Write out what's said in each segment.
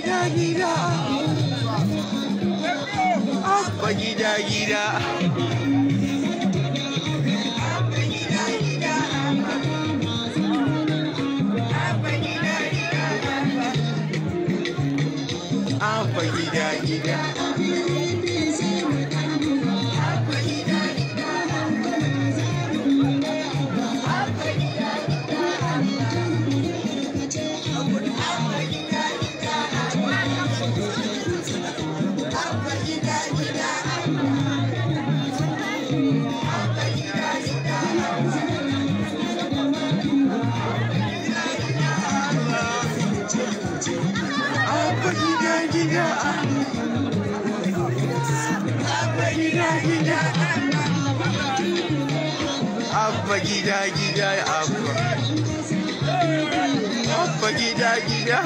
gida gida abba gida Thank you. Abba gida gida abba Abba gida gida Abba gida gida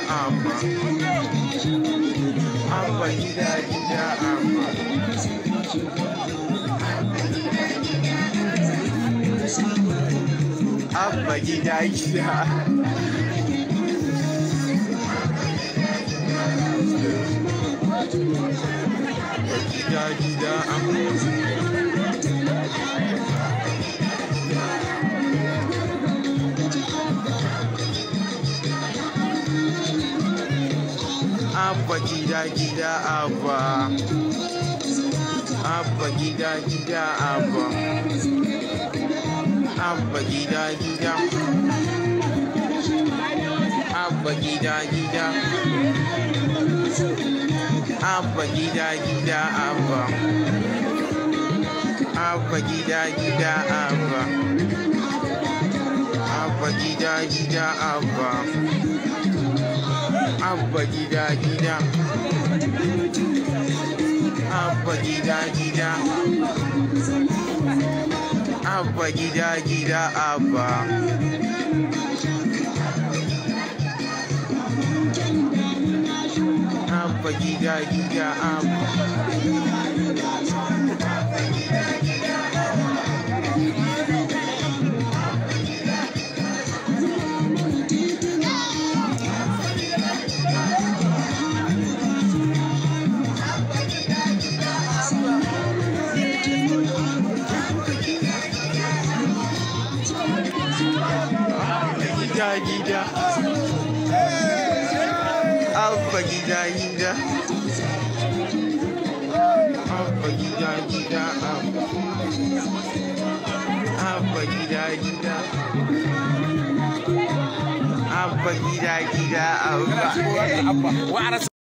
abba Abba gida gida abba abba gida gida gida gida abba gida gida abba abba gida gida abba abba gida gida abba gida gida abba gida gida abba abba gida gida abba abba gida gida abba abba gida gida abba gida gida abba gida gida abba abba gida gida abba gida abba gida gida abba gida gida abba gida gida abba gida gida abba